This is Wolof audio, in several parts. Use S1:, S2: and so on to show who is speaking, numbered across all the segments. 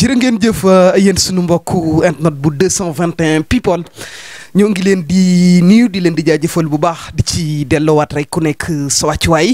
S1: jërë ngeen jëf yéen sunu mbokku internet bu 221 people ñoo ngi leen di nuyu di leen di jaajëfal bu baax di ci dellowaat rek ku nekk sa wàccuwaay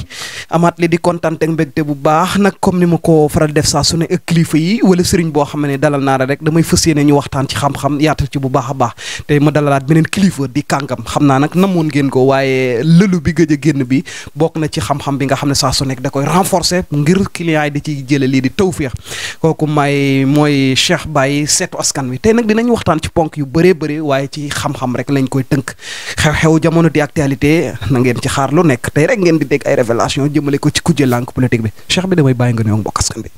S1: amaat li di kontaan mbeg mbégte bu baax nag comme ni ma ko faral def saa su ak kilifa yi wala sëriñ boo xam ne dalal naa la rek damay fas yéene ñu waxtaan ci xam-xam ci bu baax a baax tey ma dalalaat beneen kilifa di kàngam xam naa nag namoon ngeen ko waaye lëlu bi gëj génn bi bokk na ci xam bi nga xam ne saa su nekk da koy renforcer ngir client di ci jëlee lii di tawféex kooku may mooy Cheikh Baye seetu askan bi tey nag dinañ waxtaan ci ponk yu bëree bëri waaye ci xam-xam xam rek lañ koy tënk xew-xew jamono di actualité na ngeen ci xaar lu nekk tey rek ngeen di dégg ay révélation jëmmale ko ci kujje lànk politique bi Cheikh bi damay bàyyi nga nuyoog mbokk askan bi.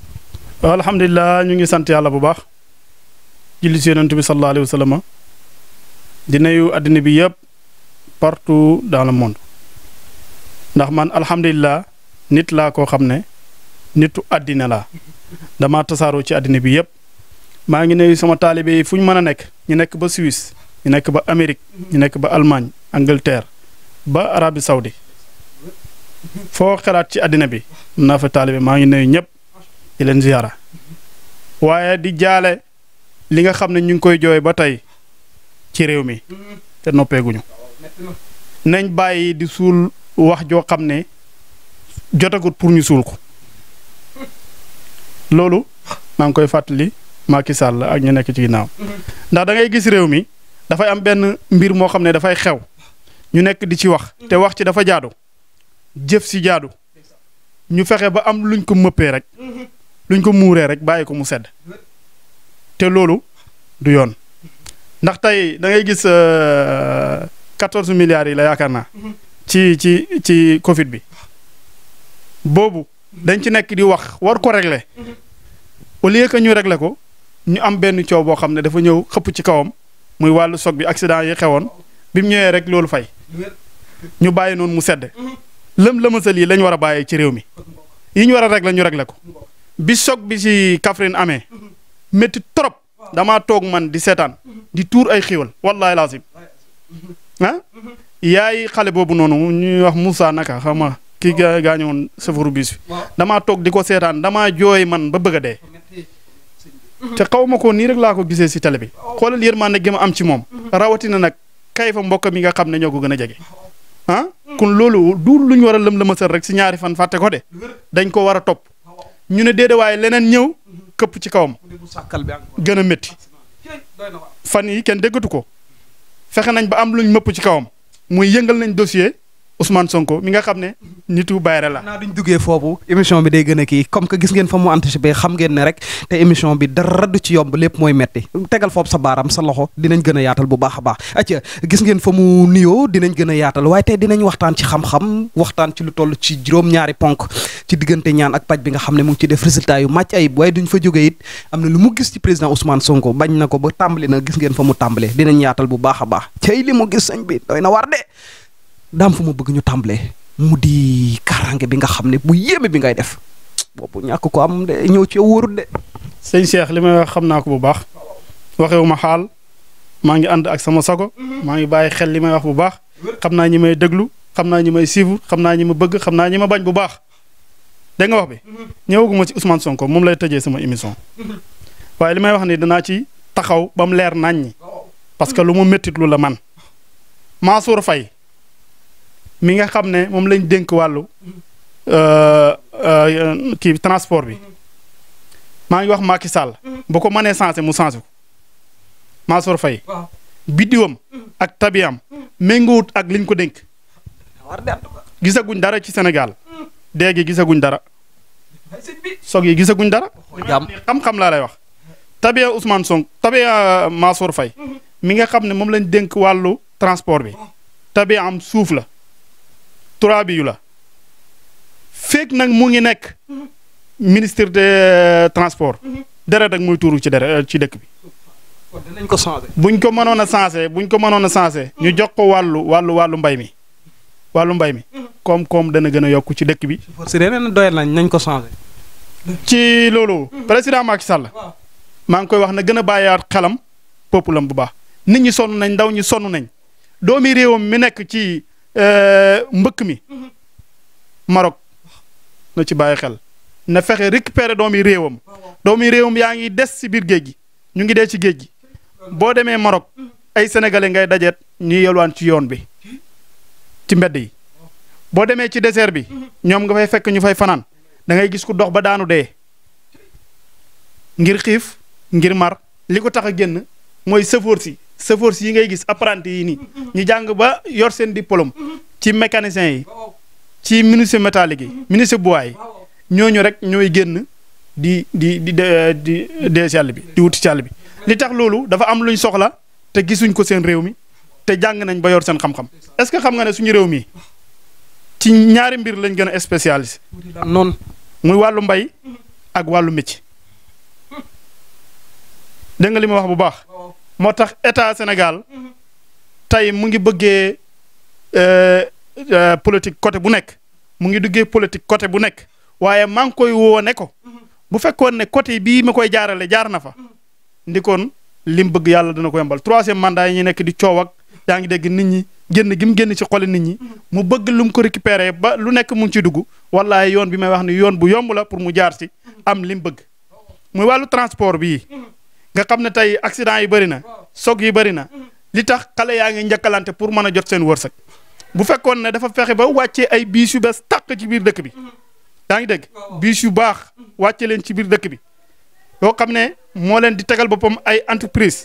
S2: alhamdulilah ñu ngi sant yàlla bu baax. julli ci yonent bi sallallahu àddina bi yëpp partout dans le man alhamdulilah nit laa koo xam ne nitu àddina laa damaa tasaaroo ci àddina bi yëpp maa ngi nuyu sama taalibe fu ñu mën a nekk ñu nekk ba Suisse ñu nekk ba Amérique ñu nekk ba Allemagne Angleterre ba Arabie sawdi foo xalaat ci àddina bi naa fa taalibe maa ngi nuyu ñëpp di leen ziyaara waaye di jaale li nga xam ne ñu ngi koy jooy ba tey ci réew mi te noppeeguñu nañ bàyyi di suul wax joo xam ne jotagut pour ñu suul ko loolu maa ngi koy fàttali Macky Sall ak ñu nekk ci ginnaaw ndax da gis réew mi dafay am benn mbir moo xam ne dafay xew ñu nekk di ci wax te wax ci dafa jaadu jëf si jaadu ñu fexe ba am luñ ko mëppee rek luñ ko muuree rek bàyyi ko mu sedd te loolu du yoon ndax tey dangay gis euh, quatorze milliards yi la yaakaar naa ci ci ci Covid bi boobu dañ ci nekk di wax war ko régler au que ñu régler ko ñu am benn coow boo xam ne dafa ñëw xëpp ci kawam. muy wàllu soog bi accident yi xewoon bi mu ñëwee rek loolu fay ñu bàyyi noonu mu sedd lëm lëmasal yi lañ war a bàyyee ci réew mi yi ñu war a rek régler ñu régler ko bi soog bi ci Kaffrine amee métti trop dama toog man di seetaan di tuur ay xiiwal wallaahi lazim ah yaay xale boobu noonu ñuy wax Moussa naka xam nga kii gaañoon chauffeur bis bi damaa toog di ko seetaan dama jooy man ba bëgg a dee. te xaw ko nii rek laa ko gisee si télé bi xoolal yërmande gi ma am ci moom rawatina nag kay fa mbokk mi nga xam ne ñoo ko gën a jege ah kon loolu du lu ñu war a lëm lëmasal rek si ñaari fan fàtte ko de dañ ko war a topp ñu ne déedéet waaye leneen ñëw këpp ci kawam gën a métti fan yi kenn déggatu ko fexe nañ ba am luñ mëpp ci kawam muy yëngal nañ dossier Ousmane Sonko mi nga xam ne nitu bayre
S1: la. naa duñ duggee foofu émission bi day gën a comme que gis ngeen fa mu anticipé xam ngeen ne rek te émission bi dara du ci yomb lépp mooy metti tegal foofu sa baaram sa loxo dinañ gën a yaatal bu baax a baax. acca gis ngeen fa mu nuyoo dinañ gën a yaatal waaye tey waxtaan ci xam waxtaan ci lu toll ci juróom-ñaari ponk ci diggante ñaan ak paj bi nga xam ne mu ngi ci def résultat yu màcc ayib waaye duñ fa jógee it am na mu gis ci président Ousmane Sonko bañ na ba tàmbali na gis ngeen fa mu tàmbale dinañ yaatal bu baax a baax tey li mu gis sëñ bi doy na war de daam fu mu bëgg ñu tàmbalee mu di kaaraange bi
S2: nga xam ne bu yéeme bi ngay def boobu ñàkk ko am de ñëw ci wóorut de. sëñ Cheikh li may wax xam naa ko bu baax waxewu ma xaal maa ngi ànd ak sama sago mhm. maa ngi bàyyi xel li may wax bu baax xam naa ñi may déglu xam naa ñi may siifu xam naa ñi ma bëgg xam naa ñi ma bañ bu baax danga nga wax bi. Mhm. ñëwaguma ci Ousmane Sonko moom lay tëjee sama émission mhm. waaye li may wax ni danaa ci taxaw ba mu leer naññi oh. parce que lu mu méttit la man Mansour Faye mi nga xam ne moom lañ dénk wàllu euh, euh, kii transport bi maa ngi wax Macky Sall bu ko mënee sensé mu sensé ko Mansour Faye biddiwam ak tabiyam méngoowut ak liñ ko dénk gisaguñ dara ci Sénégal déegi gisaguñ dara soog yi gisaguñ dara xam-xam laa lay wax tabiya Ousmane Sonko tabiya euh, Mansour Faye mhm. mi nga xam ne moom lañ dénk wàllu transport bi oh. tabiya am suuf la turaabi yu la fekk nag mu ngi nekk ministre de euh, transport deret ak muy tuuru ci deret euh, ci dëkk bi. dinañ ko changé. buñ ko mënoon a changé buñ ko mënoon a changé ñu jox ko wàllu wàllu wàllu mbay mi wàllu mbay mi koom dana gën a yokk ci dëkk bi.
S1: si leneen doyal nañ nañ ko changé.
S2: ci loolu. président Macky Sall. maa ngi koy wax na gën a bàyyi bàyyiwaat xelam populam bu baax nit ñi sonn nañ ndaw ñi sonn nañ doomi réewam mi nekk ci Euh, mbëkk mi mhm. Maroc na ci bàyyi xel na fexe récupérer doomi réewam doomi réewam yaa ngi des si biir géej gi ñu ngi dee ci géej gi boo demee Maroc mhm. ay sénégalais ngay dajeet ñuy yelwaan ci yoon bi ci mbedd yi boo demee ci désert bi mhm. ñoom nga fay fekk ñu fay fanaan dangay gis ku dox ba daanu dee ngir xiif ngir mar li ko tax a génn mooy sëfoor si sëfoor si yi ngay gis apprenti yi nii ñu jàng ba yor seen di diplôme ci mécanicien yi ci ministre métallique yi ministre bois yi ñooñu rek ñooy génn di di di di dee ci àll bi di wuti ci àll bi li tax loolu dafa am luñ soxla te gisuñ ko seen réew mi te jàng nañ ba yor seen xam-xam est-ce que xam nga ne suñu réew mi ci ñaari mbir lañ gën a spécialisé noonu muy wàllu mbay ak wàllu métier dégg nga li ma wax bu baax moo tax état Sénégal tey mu ngi bëggee euh, Euh, politique côté bu nekk mu ngi duggee politique côté bu nekk waaye maa ngi koy woo ne ko bu fekkoon ne côté bii ma koy jaarale jaar na fa ndikoon lim bëgg yàlla dana ko yombal troisième mandat yi ñu nekk di coow ak yaa ngi dégg nit ñi génn gi mu génn ci xoli nit ñi mu bëgg lu mu ko récupérer ba lu nekk mu ngi ciy dugg wallahi yoon bi may wax ni yoon bu yomb la pour mu jaar si am lim bëgg muy wàllu transport bii nga xam ne tey accident yi bëri na soog yi bëri na li tax xale yaa ngi njëkkalante pour mën a jot seen wërsëg bu fekkoon ne dafa fexe ba wàccee ay biis yu bees tàq ci biir dëkk bi mm-hmm. yaa ngi dégg oh, oh. biis yu baax wàcce leen ci biir dëkk bi yoo xam ne moo leen di tegal boppam ay entreprise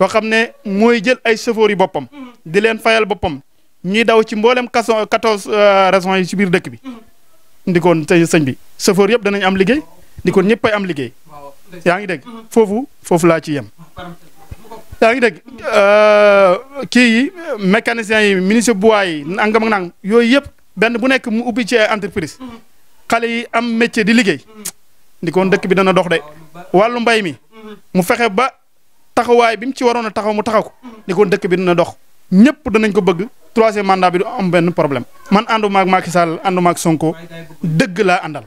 S2: yoo xam ne mooy jël ay chauffeurs yi boppam mm-hmm. di leen fayal boppam ñuy daw ci mboolem kaso quatorze euh, raisons yi ci biir dëkk bi mm-hmm. ndikoon sëñ bi chauffeur yëpp danañ am liggéey ndikoon ñëpp ay am liggéey yaa ngi dégg foofu foofu laa ci yem yaa ngi dégg euh, kii yi mécaniciens yi menuisier bois yi nangam nang yooyu yëpp benn bu nekk mu ubbi ci entreprise xale yi am métier di liggéey ndi koon dëkk bi dana dox de wàllu mbay mi mu fexe ba taxawaay bi mu ci waroon a taxaw mu taxaw ko ndi koon dëkk bi dana dox ñëpp danañ ko bëgg troisième mandat bi du am benn problème man ànduma ak Macky Sall ànduma ak Sonko dëgg laa àndal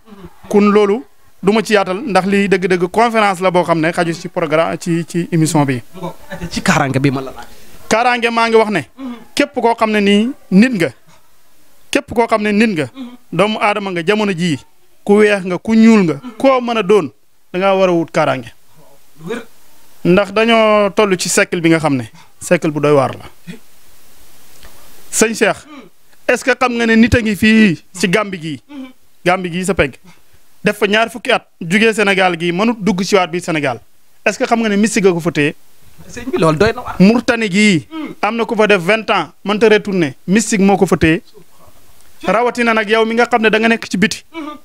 S2: kon loolu du ma ci yaatal ndax lii dëgg-dëgg conférence la boo xam ne xaju ci programme ci ci émission bi. ci kaaraange bi ma la laaj. kaaraange maa ngi wax ne. képp koo xam ne nii nit nga. képp koo xam ne nit nga. doomu aadama nga jamono jii. ku weex nga ku ñuul nga. koo mën a doon da war a wut kaaraange. ndax dañoo toll ci siècle bi nga xam ne. siècle bu doy waar la. sëñ Cheikh. est-ce que xam nga ne nit a ngi fii si gàmbi gi mm-hmm. gàmbi gii sa pegg. def fa ñaar fukki at jugee Sénégal gii mënut dugg si waat bi Sénégal est-ce que xam nga ne mystique ko fa téye. loolu doy na waar. Murtani gii. am na ku fa def vingt ans mënta retourné mystique moo ko fa téye rawatina nag yow mi nga xam ne da nga nekk ci biti. Mm-hmm.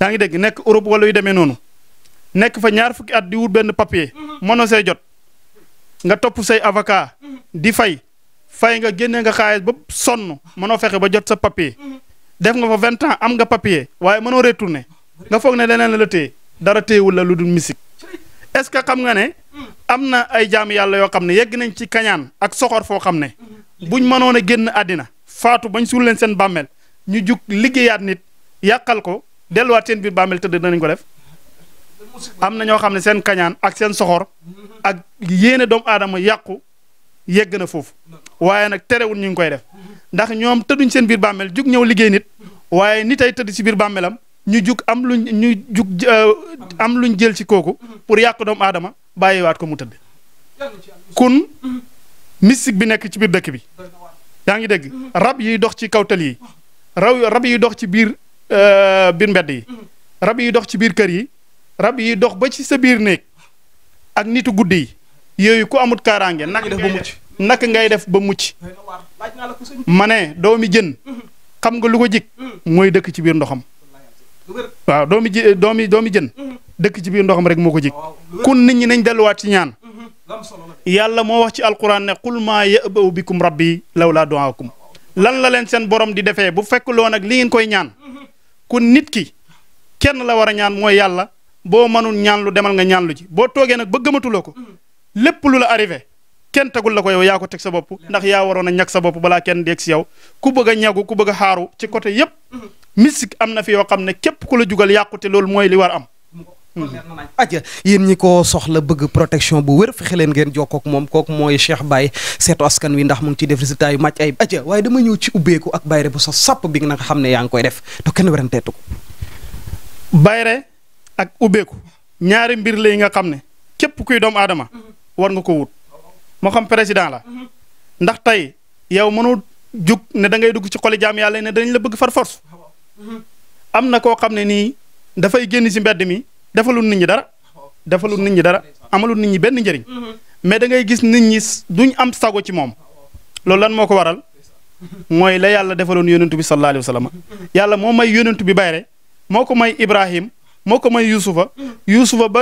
S2: yaa ngi dégg nekk Europe wala yu demee noonu nekk fa ñaar fukki at di wut benn papier mm-hmm. mënoo say jot nga topp say avocat mm-hmm. di fay fay nga génne nga xaalis ba sonn mënoo fexe ba jot sa papier def nga fa vingt ans am nga papier waaye mënoo retourné. nga foog ne leneen la téye dara téyewul la lu dul misik est-ce que xam nga ne am na ay jaam yàlla yoo xam ne yegg nañ ci kañaan ak soxor foo xam ne buñ mënoon a génn àddina faatu bañ suul leen seen bàmmeel ñu jug liggéeyaat nit yàqal ko delluwaat seen biir bàmmeel tëdd danañ ko def am na ñoo xam ne seen kañaan ak seen soxor ak yéene doomu aadama yàqu yegg na foofu waaye nag terewul ñu ngi koy def ndax ñoom tëdduñ seen biir bàmmeel jug ñëw liggéey nit waaye nit ay tëdd ci biir bàmmeelam ñu jug am lu ñu jug euh, am luñ jël ci kooku pour yàq doomu aadama bàyyiwaat ko mu bi kun mystique bi nekk ci biir dëkk bi yaa ngi dégg rab yiy dox ci kaw tali yi rab yi dox ci biir euh, biir mbedd yi rab yi dox ci biir kër yi rab yiy dox ba ci sa biir néeg ak nitu guddi yi yooyu ku amut kaaraange naka def ba mucc naka ngay def ba mucc ma ne doomi jën xam nga lu ko jik hmm. mooy dëkk ci biir ndoxam waaw doomi ji eh, doomi doomi jën mhm. dëkk ci biir ndoxam rek moo ko jig kun nit ñi nañ delluwaat ci ñaan
S1: mhm.
S2: yàlla moo wax ci alquran ne qul maa ya'ba'u bikum rabbi lawlaa du'aakum lan la leen seen borom di defee bu fekk loo nag li ngeen koy ñaan mhm. kun nit ki kenn la war a ñaan mooy yàlla boo mënul ñaan demal nga ñaan ci boo toogee nag ba gëmatuloo ko lépp lu la arrivé kenn tegul la ko yow yaako teg sa bopp ndax yaa waroon a ñag sa bopp balaa kenn deeg si yow ku bëgg a ñagu ku bëgg a xaaru ci côté yépp mystique am na fi yoo xam ne képp ku la jugal yàqute loolu mooy li war am aja
S1: yéen ñi ko soxla bëgg protection bu wér fexe leen ngeen jokkoo moom kooku mooy Cheikh Baye seetu askan wi ndax mu ngi ciy def résultat yu màcc ayib aja waaye dama ñëw ci ubbeeku ak bayre bu sa sàpp bi nga xam ne yaa koy def te kenn weranteetu ko
S2: ak ubbeeku ñaari mbir lay nga xam ne képp kuy doomu aadama war nga ko wut moo xam président la mhm. ndax tey yow mënoo jug ne da ngay dugg ci xoli jaam yàlla ne dañ la bëgg far force ah mhm. am na koo xam ne nii dafay génn si mbedd mi defalul nit ñi dara defalul nit ñi dara amalul nit ñi benn njëriñ mhm. mais da ngay gis nit ñi duñ am sago ci moom ah loolu lan moo ko waral mooy la yàlla defaloon yonentu bi sallallahu alayhi wa sallam yàlla moo may yonentu bi bayre moo ko may Ibrahim moo ko may Yuusufa Yuusufa ba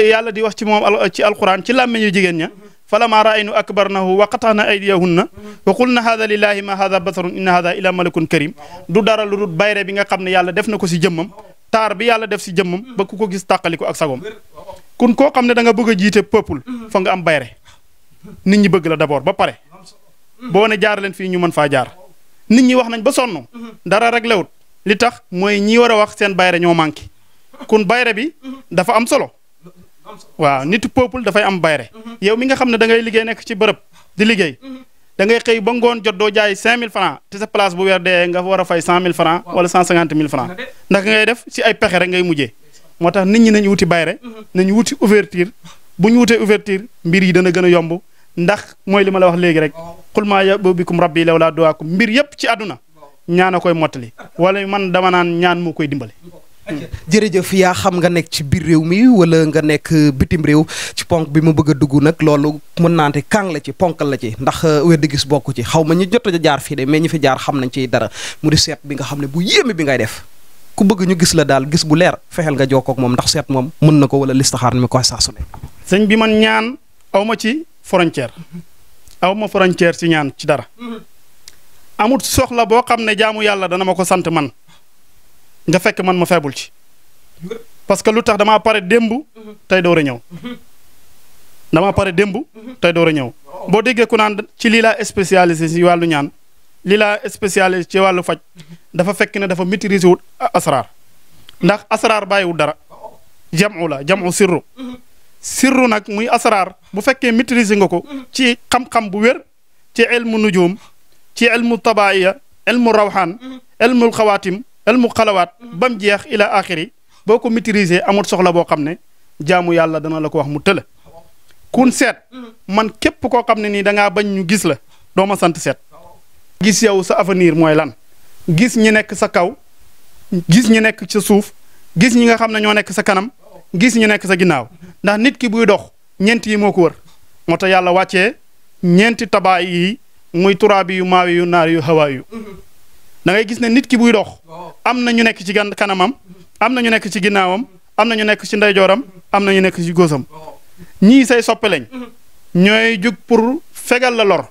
S2: yàlla di wax ci moom ci alquran ci làmmeñu jigéen ña fala falammaa raaynu akbarnahu wa qataxna aydiyahunna wa qulna haada lillahi ma haada basarun inna haada ila malakun karim du dara lu dul bayre bi nga xam ne yàlla def na ko si jëmmam taar bi yàlla def si jëmmam ba ku ko gis tàqali ko ak sagom kon koo xam ne danga nga bëgg a jiite peuple fa nga am bayre nit ñi bëgg la d'abord ba pare boo ne jaar leen fii ñu mën faa jaar nit ñi wax nañ ba sonn dara rek lewut li tax mooy ñi war a wax seen bayre ñoo manqué kun bayre bi dafa am solo waaw nitu peuple dafay am bayre mhm. yow mi nga xam ne da ngay liggéey nekk ci bërëb di liggéey mhm. da ngay xëy ba ngoon jot doo jaay cinq mille francs te sa place bu weer dee nga war a fay cent mille francs wala cent cinquante mille francs ndax ngay def ci ay pexe rek ngay mujjee moo tax nit ñi nañu wuti bayre mhm. nañu wuti bu ñu wutee ouverture mbir yi dana gën a yomb ndax mooy li ma la wax léegi rek xul maa yabo bikum rabbi law laa duwaakum mbir yépp ci àdduna ñaan koy mottali wala man dama naan ñaan moo koy dimbale jërëjëf yaa xam nga nekk ci biir réew mi wala nga nekk bitim réew
S1: ci ponk bi mu bëgg a dugg nag loolu mën naa ne kàng la ci ponkal la ci ndax euh, wér gis bokk ci xaw ma ñu jot a jaar fii de mais ñu fi jaar xam nañ ci dara mu di seet bi nga xam ne bu yéeme bi ngay def ku bëgg ñu gis la daal gis bu leer fexeel nga jokkoo ak moom ndax seet moom mën na ko wala listaxaar mi ko saa su ne.
S2: sëñ bi man ñaan aw ma ci frontière aw ma frontière ci ñaan ci dara mm-hmm. amut boo xam ne jaamu yàlla dana ma ko sant man. nga fekk man ma feebul ci parce que lu tax damaa pare démb tey door a ñëw damaa pare démb tey door a ñëw boo déggee ku naan ci lii laa spécialisé ci wàllu ñaan lii laa spécialisé ci wàllu faj dafa fekk ne dafa maîtriser wul asraar ndax asraar bàyyiwul dara jamu la jamu sirru sirru nag muy asraar bu fekkee maîtriser nga ko ci xam-xam bu wér ci ilmu nujum ci ilmu tabaaya ilmu rawxaan ilmu xawaatim elmu xalawaat ba mu jeex ila axiri boo ko maîtriser amut soxla boo xam ne jaamu yàlla dana la ko wax mu tëla kun seet man képp koo xam ne nii da ngaa bañ ñu gis la doo ma sant seet gis yow sa avenir mooy lan gis ñi nekk sa kaw gis ñi nekk sa suuf gis ñi nga xam ne ñoo nekk sa kanam gis ñi nekk sa ginnaaw ndax nit ki buy dox ñeent yi moo ko wër moo tax yàlla wàcce ñeenti tabaay yi muy turaabi yu maawi yu naar yu hawaa yu dangay gis ne nit ki buy dox am na ñu nekk ci gan kanamam am na ñu nekk ci ginnaawam am na ñu nekk ci ndeyjooram am na ñu nekk ci góosam ñii say soppe lañ
S3: mm-hmm.
S2: ñooy jug pour fegal la lor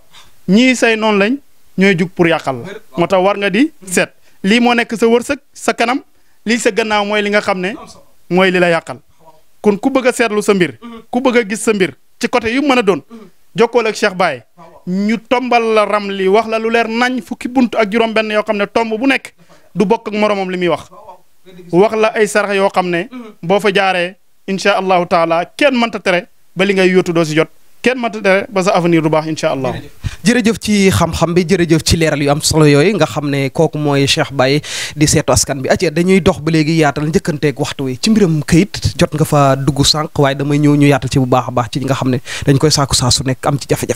S2: ñii say noonu lañ ñooy jug pour yàqal la moo tax war nga di mm-hmm. seet lii moo nekk sa wërsëg sa kanam lii sa gannaaw mooy li nga xam ne mooy li la yàqal kon ku bëgg seetlu sa mbir mm-hmm. ku bëgg gis sa mbir ci côté yu mën a doon jokkool ak Cheikh Baye ñu tombal la ram li wax la lu leer nañ fukki bunt ak juróom-benn yoo xam ne tomb bu nekk du bokk ak moromam li muy wax wax la ay sarax yoo xam ne boo fa jaaree incha allahu taalaa kenn mënta tere ba li ngay yóotu doo si jot. kenn mata tere ba sa avenir du baax incha allah. jërëjëf ci
S1: xam-xam bi jërëjëf ci leeral yu am solo yooyu nga xam ne kooku mooy Cheikh baay di seetu askan bi atia dañuy dox ba léegi yaatal njëkkanteek waxtu wi ci mbiram këyit jot nga fa dugg sànq waaye damay ñëw ñu yaatal ci bu baax a baax ci ñi nga xam ne dañ koy sàkku saa su am ci jafe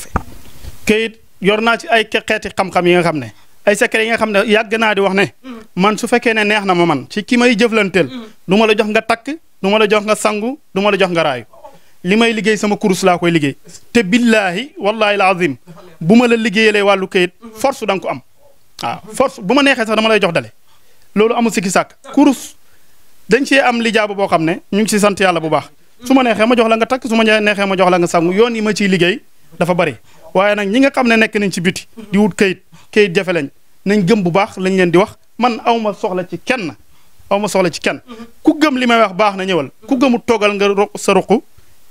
S2: kayit yor naa ci ay xeeti xam-xam yi nga xam ne ay secret yi nga xam ne yàgg naa di wax ne mm. man su fekkee ne neex na ma man ci ki may jëflanteel mm. duma la jox nga takk du ma la jox nga sangu du ma la jox nga li may liggéey sama kurus laa koy liggéey te billaahi wallaahi alazim bu ma la liggéeyalee wàllu kayit mm. force da nga am waaw force bu ma neexee sax lay jox dale loolu amul sikki sàkk kurus dañ cee am lijaaba boo xam ne ñu ngi ci sant yàlla bu baax su ma neexee ma jox la nga takk su ma neexee ma jox la nga sangu yoon yi ma ciy liggéey dafa bari waaye nag ñi nga xam ne nekk nañ ci biti di wut kayit kayit jafe lañ nañ gëm bu baax lañ leen di wax man awma soxla ci kenn awma soxla ci kenn mm-hmm. ku gëm li may wax baax na ñëwal ku gëmu toggal nga ro sa ruq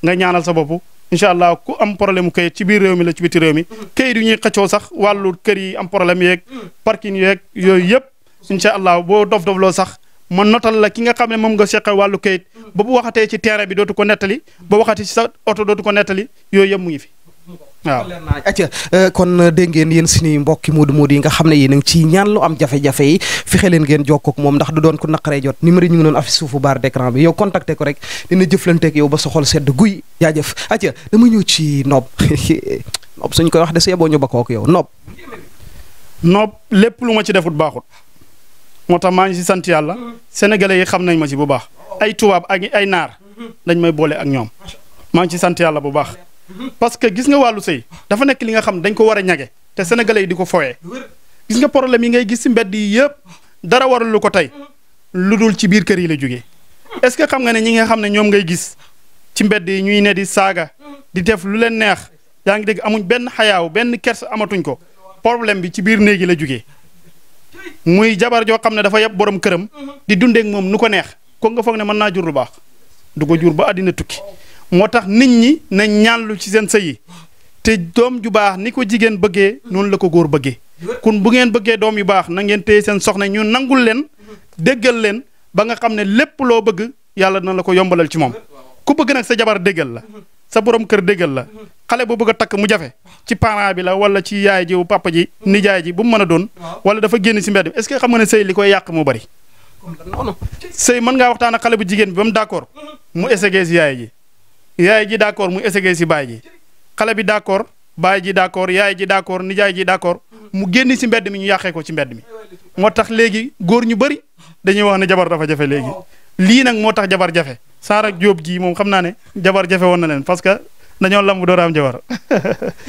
S2: nga ñaanal sa bopp incha allah ku am problème kayit ci biir réew mi la ci biti réew mi mm-hmm. kayit yu ñuy xëccoo sax wàllu kër yi am problème yeeg mm-hmm. parking yeeg yooyu yëpp incha allah boo dof dof loo sax ma notal la ki nga xam ne moom nga seqal wàllu kayit ba bu waxatee ci terrain bi dootu ko nettali ba waxatee sa oto dootu ko nettali yooyu yëpp mu fi
S1: waaw acca euh, kon euh, dégg ngeen yéen suñuy mbokki moodu moodu yi nga xam ne yéen a ngi ciy ñaan lu am jafe-jafe yi fexe leen ngeen jokkoo ak moom ndax du doon ku naqaree jot numéro yi ñu ngi doon affiche suufu barre d'écran bi yow contacté ko rek dina jëflanteeg sa xol wax de see boo ñu ba ak yow noob
S2: noob lépp lu ma ci defut baaxut moo tax maa ngi si sant yàlla sénégalais yi xam nañ ma ci bu baax ay tubaab ak ay naar mhm. dañ may boole ak ñoom maa ngi ci sant yàlla bu baax parce que gis nga wàllu sëy dafa nekk li nga xam dañ ko war a ñage te sénégalais yi di ko foyee gis nga problème yi ngay gis si mbedd yi yëpp dara waral ko tey lu dul ci biir kër yi la jógee est ce que xam nga ne ñi nga xam ne ñoom ngay gis ci mbedd yi ñuy ne di saaga di def lu leen neex yaa ngi dégg amuñ benn xayaaw benn kers amatuñ ko problème bi ci biir néegi la jógee muy jabar joo xam ne dafa yab borom këram di dundeek moom nu ko neex ko nga foog ne mën naa jur lu baax du ko jur ba àddina tukki moo tax nit ñi na ñàllu ci seen sëy yi te doom ju baax ni ko jigéen bëggee noonu la ko góor bëggee kon bu ngeen bëggee doom yu baax na ngeen téye seen soxna ñu nangul leen déggal leen ba nga xam ne lépp loo bëgg yàlla na la ko yombalal ci moom ku bëgg nag sa jabar déggal la sa borom kër déggal la xale bu bëgg takk mu jafe ci parent bi la wala ci yaay ji wu papa ji nijaay ji bu mu mën a doon wala dafa génn si mbedd est-ce que xam nga ne sëy li koy yàq moo bari sëy mën ngaa waxtaan ak xale bu jigéen bi ba mu d'accord mu essayé si yaay yaay ji d'accord mu essayé si baay ji xale bi d'accord baay ji d'accord yaay ji d'accord nijaay ji d'accord mu génn si mbedd mi ñu yàqee ko ci mbedd mi moo tax léegi góor ñu bëri dañuy wax ne jabar dafa jafe léegi lii nag moo tax jabar jafe Saara Jóob ji moom xam naa ne jabar jafe woon na leen parce que dañoo lamb door am jabar.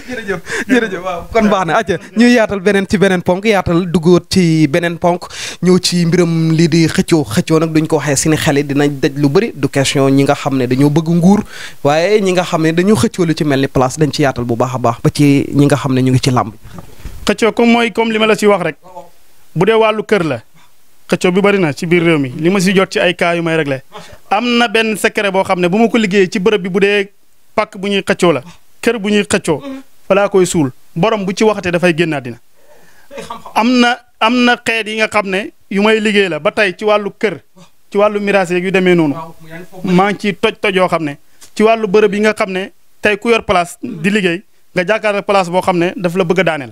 S1: jërëjëf jërëjëf waaw
S2: kon baax na acca ñu
S1: yaatal beneen ci beneen ponk yaatal duggoot ci beneen ponk ñëw ci mbiram lii di xëccoo xëccoo nag duñ ko waxee si ni xel yi dina daj lu bëri du question ñi nga xam ne dañoo bëgg nguur waaye ñi nga
S2: xam ne dañoo xëccoo lu ci mel ni place dañ ci yaatal bu baax a baax ba ci ñi nga xam ne ñu ngi ci làmb. xëccoo comme mooy comme li ma la si wax rek bu dee wàllu kër la. xëccoo bi bari na ci biir réew mi li ma si jot ci ay cas yu may réglé am na benn secret boo xam ne bu ma ko liggéeyee ci bërëb bi bu dee pàkk bu ñuy xëccoo la kër bu ñuy xëccoo balaa koy suul borom bu ci waxatee dafay génn àddina am na am na xeet yi nga xam ne yu may liggéey la ba tey ci wàllu kër ci wàllu miraas yu demee noonu maa ngi ciy toj toj yoo xam ne ci wàllu bërëb yi nga xam ne tey ku yor place di liggéey nga jàkkaarloo place boo xam ne daf la bëgg daaneel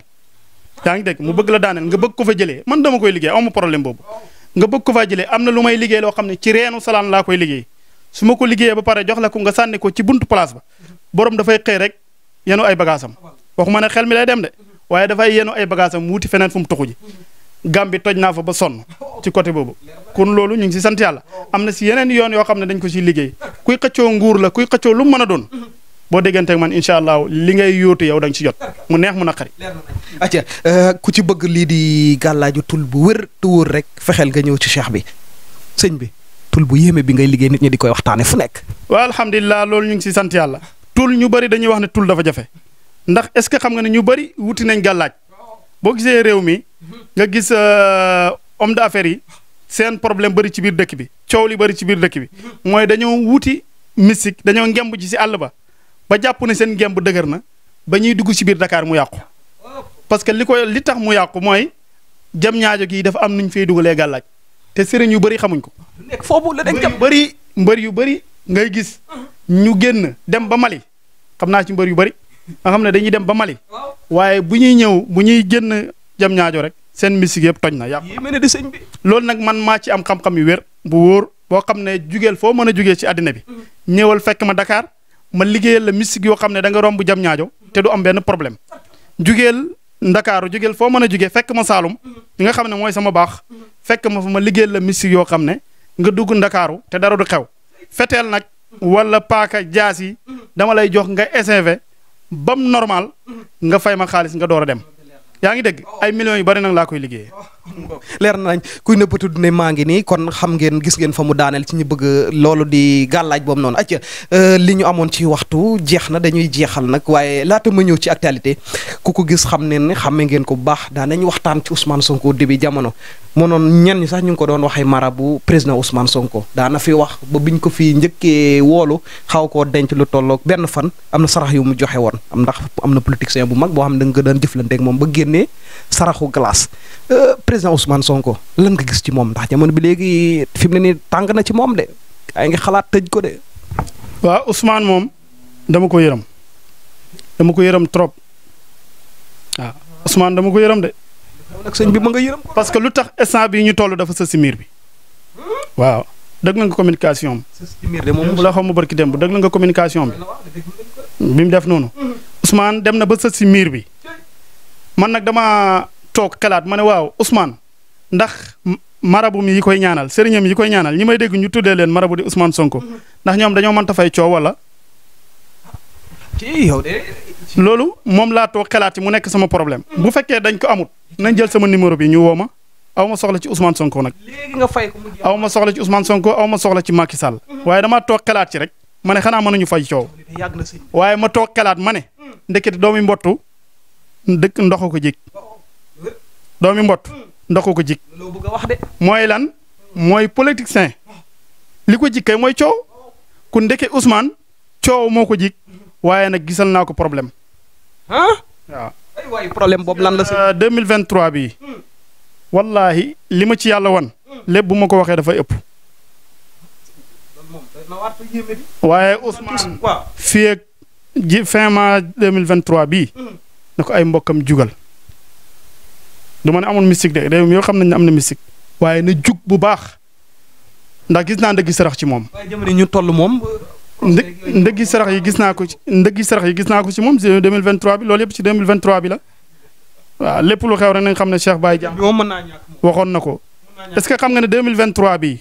S2: yaa ngi dégg mu bëgg la daaneel nga bëgg ko fa jëlee man dama koy liggéey amu boobu nga bëgg ko fa jëlee am na lu may liggéey loo xam ne ci reenu salaan laa koy liggéey su ma ko liggéeyee ba pare jox la ko nga sànni ko ci buntu place ba borom dafay xëy rek yenu ay bagaasam waxuma ne xel mi lay dem de waaye dafay yenu ay bagaasam wuti feneen fu mu tuxu ji gàm bi toj naa fa ba sonn ci côté boobu kon loolu ñu ngi si sant yàlla am na si yeneen yoon yoo xam ne dañ ko siy liggéey kuy xëccoo nguur la kuy xëccoo lu mu mën a doon boo déggante man incha allah li ngay yóotu yow da nga ci jot mu neex mun mu naqari. acca
S1: euh, ku ci bëgg lii di gàllaaju tul bu wér te rek fexeel nga ñëw ci cheikh bi sëñ bi. tul bu yéeme bi ngay liggéey nit ñi di koy waxtaane fu nekk.
S2: waaw alhamdulilah loolu ñu ngi si sant yàlla. tul ñu bëri dañuy wax ne tul dafa jafe ndax est ce que xam nga ne ñu bëri wuti nañ gàllaaj boo gisee réew mi nga gis euh, homme affaire yi seen problème bari ci biir dëkk bi coow li bëri ci biir dëkk bi mooy dañoo wuti mystique dañoo ngemb ci si àll ba ba jàpp ne seen ngemb dëgër na ba ñuy dugg ci biir dakaar mu yàqu parce que li ko li tax mu yàqu mooy jam ñaajo gi dafa am nuñ fay dugalee te sëriñ yu bëri xamuñ ko. nekk foofu la dañ jëm bëri mbër yu bëri ngay gis ñu génn dem ba Mali xam naa ci mbër yu bëri nga xam ne dañuy dem ba Mali waaye bu ñuy ñëw bu ñuy génn jam ñaajo rek seen musique yëpp toj na yàqu loolu nag man maa ci am xam-xam yu wér bu wóor boo xam ne jugeel foo mën a jugee ci àddina bi mhm. ñëwal fekk ma Dakar ma liggéeyal la musique yoo xam ne da nga romb jam ñaajo te du am benn problème jugeel ndakaaru jógeel foo mën a jógee fekk ma Saalum li nga xam ne mooy sama baax fekk ma fa ma liggéeyal la mystique yoo xam ne nga dugg ndakaaru te dara du xew feteel nag walla paaka jaas yi dama lay jox nga SCV bam normal nga fay ma xaalis nga door a dem yaa ngi dëgg ay millions yu bari nag laa koy liggéey leer nañ kuy nëbbatu ne maa ngi nii kon
S1: xam ngeen gis ngeen fa mu daaneel ci ñu bëgg loolu di gàllaaj boobu noonu acca euh, li ñu amoon ci waxtu jeex na dañuy jeexal nag waaye laata ma ñëw ci actualité ku ko gis xam ne ne xamme ngeen ko bu baax daan nañ waxtaan ci Ousmane Sonko début jamono mënoon ñenn ñi sax ñu ngi ko doon waxee mara marabu président Ousmane Sonko daana fi wax ba biñ ko fi njëkkee woolu xaw koo denc lu tollook benn fan am na sarax yu mu joxe woon am ndax am na politicien bu mag boo xam ne da nga daan jëflanteeg moom ba génnee saraxu glace euh, président Ousmane Sonko lan nga gis ci moom ndax jamono bi léegi fi mu ne nii tàng na ci moom de ay ngi xalaat tëj ko de.
S2: waaw Ousmane moom dama ko yërëm dama ko yërëm trop waaw Ousmane dama ko yërëm de. sëñ bi ma nga yërëm parce que lu tax instant bii ñu toll dafa sës si miir bi waaw dëgg nga communication am. moom la xaw ma dem bu dëgg nga communication bi. bi mu def noonu. Mm-hmm. Ousmane dem na ba sës si miir bi man nag dama toog kalaat ma ne waaw Ousmane ndax marabu mi yi koy ñaanal sëriñam yi koy ñaanal ñi may dégg ñu tuddee leen marabu di Ousmane Sonko mhm. ndax ñoom dañoo mënta fay coow wala. loolu moom laa toog xalaat yi mu nekk sama problème. Mhm. bu fekkee dañ ko amut nañ jël sama numéro bi ñu woo ma aw soxla ci usmaan Sonko nag.
S1: léegi fay
S2: aw ma soxla ci usmaan Sonko aw ma soxla ci Macky Sall. Mhm. waaye damaa toog xalaat ci rek ma ne xanaa mënuñu fay coow. waaye ma toog kalaat ma ne. ndekete doomi mbottu dëkk doomi mbott ndoxu ko jik loo bëgg a wax de mooy lan mooy politicien li ko jik kay mooy coow ku ndeke Ousmane coow moo ko jik waaye nag gisal naa ko problème. ah problème boobu lan la si. 2023 euh, bii hmm. wallaahi li ma ci yàlla wan hmm. lépp bu ma ko waxee dafay ëpp.
S1: waaye Ousmane
S2: fii ji fin mars 2023 bii hmm. na ko ay mbokkam jugal. du ma ne amul mystique de réew yoo xam nañ ne am na mystique waaye na jug bu baax ndax gis naa ndëggi sarax ci moom. waaye jamono ñu toll moom. ndë ndëggi sarax yi gis naa ko ci ndëggi sarax yi gis naa ko ci moom ci 2023 bi loolu yëpp ci 2023 bi la waaw lépp lu xew rek nañ xam ne Cheikh Baye Dia. moom mën naa waxoon na ko. est-ce que xam nga ne 2023 bii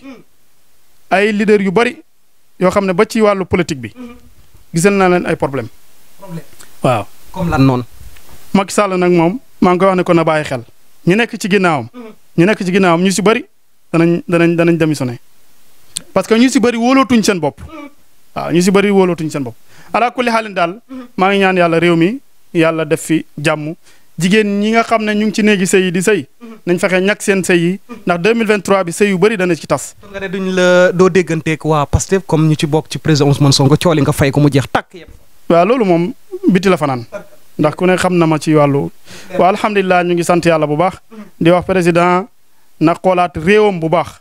S2: ay leader yu bari yoo xam ne ba ci wàllu politique bi mm-hmm. gisal naa leen ay problème waaw. comme lan noonu. Macky Sall nag moom maa ngi koy wax ne ko bàyyi xel. ñu nekk ci ginnaawam ñu nekk ci ginnaawam ñu si bëri danañ danañ danañ démissionné parce que ñu si bëri wóolootuñ seen bopp waaw ñu si bëri wóolootuñ seen bopp ala kulli xaalin daal maa ngi ñaan yàlla réew mi yàlla def fi jàmm jigéen ñi nga xam ne ñu ngi ci néegi sëy yi di sëy nañ fexe ñàkk seen sëy yi ndax 2023 bi sëy yu bëri dana ci tas. nga ne doo dégganteeg waa Pastef comme ñu ci bokk ci président Ousmane Sonko cooli nga fay ko mu jeex tàkk yëpp. waa loolu moom biti la fanaan ndax ku ne xam na ma ci wàllu. waaw alhamdulilah ñu ngi sant yàlla bu baax. di wax président na xoolaat réewam bu baax.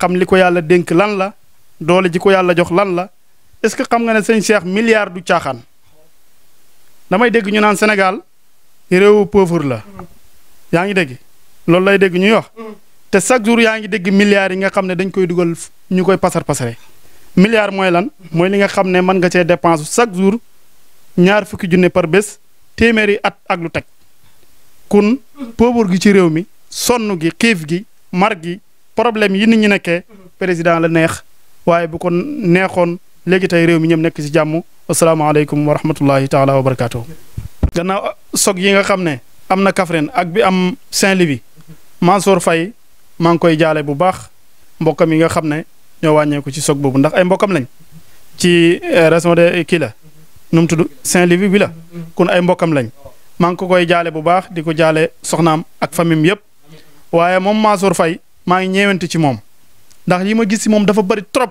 S2: xam li ko yàlla dénk lan la doole ji ko yàlla jox lan la est-ce que xam nga ne sëñ Cheikh milliard du caaxaan. damay dégg ñu naan Sénégal réewu pauvre la. yaa ngi dégg loolu lay dégg ñuy wax. te chaque jour yaa ngi dégg milliards yi nga xam ne dañ koy dugal ñu koy pasar pasare. milliard mooy lan mooy li nga xam ne mën nga cee dépense chaque jour. ñaar fukki junne par bés téeméeri at ak lu teg kun pauvre gi ci réew mi sonn gi xiif gi mar gi problème yi nit ñi nekkee président la neex waaye bu ko neexoon léegi tey réew mi ñoom nekk ci jàmm asalaamaaleykum wa rahmatullahi taala wa barakaatu. gannaaw sog yi nga xam ne am na Kaffrine ak bi am Saint-Louis Mansour fay maa ngi koy jaale bu baax mbokkam yi nga xam ne ñoo wàññeeku ci sog boobu ndax ay mbokkam lañ ci eh, raison de kii la. nu mu tudd Saint-Louis bi la kon ay mbokkam lañ maa ngi ko koy jaale bu baax di ko jaale soxnaam ak famille yëpp waaye moom Mansour Faye maa ngi ñeewante ci moom ndax li ma gis ci moom dafa bari trop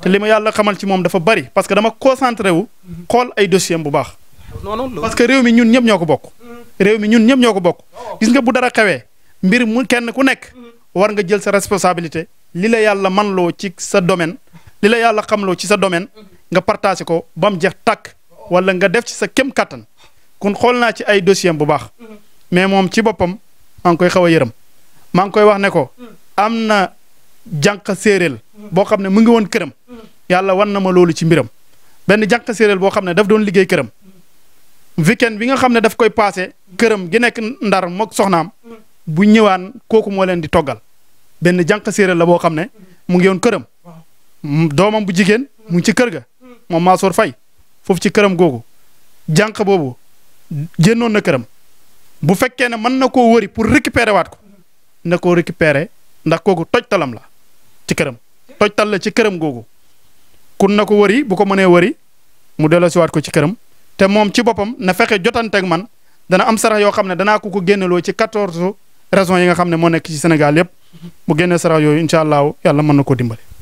S2: te li ma yàlla xamal ci moom dafa bari parce que dama concentré wu xool ay dossier bu baax. parce que réew mi ñun ñëpp ñoo ko bokk. réew mi ñun ñëpp ñoo ko bokk gis nga bu dara xewee mbir mu kenn ku nekk war nga jël sa responsabilité li la yàlla manloo ci sa domaine li la yàlla xamloo ci wala nga def ci sa kem kattan kon xool naa ci ay dossier bu baax mais moom ci boppam maa ngi koy xaw a yërëm maa ngi koy wax ne ko am na jànq séeréel boo xam ne mu ngi woon këram yàlla wan na ma loolu ci mbiram benn jànq séeréel boo xam ne daf doon liggéey këram weekend bi nga xam ne daf koy paase këram gi nekk ndar moog soxnaam bu ñëwaan kooku moo leen di toggal benn jànq séeréel la boo xam ne mu ngi woon këram doomam bu jigéen mu ci kër ga moom Mansour Faye foofu ci këram googu jànq boobu génnoon na këram bu fekkee ne mën na ko wari pour récupérer waat ko na koo récupérer ndax kooku toj talam la ci këram tojtal la ci këram googu kun na ko wari bu ko mënee wari mu delloosiwaat ko ci këram te moom ci boppam na fexe jotanteeg man dana am sarax yoo xam ne danaa ko ko génneloo ci quatorze raisons yi nga xam ne moo nekk ci Sénégal yépp mu génnee sarax yooyu incha allahu yàlla mën na ko dimbale.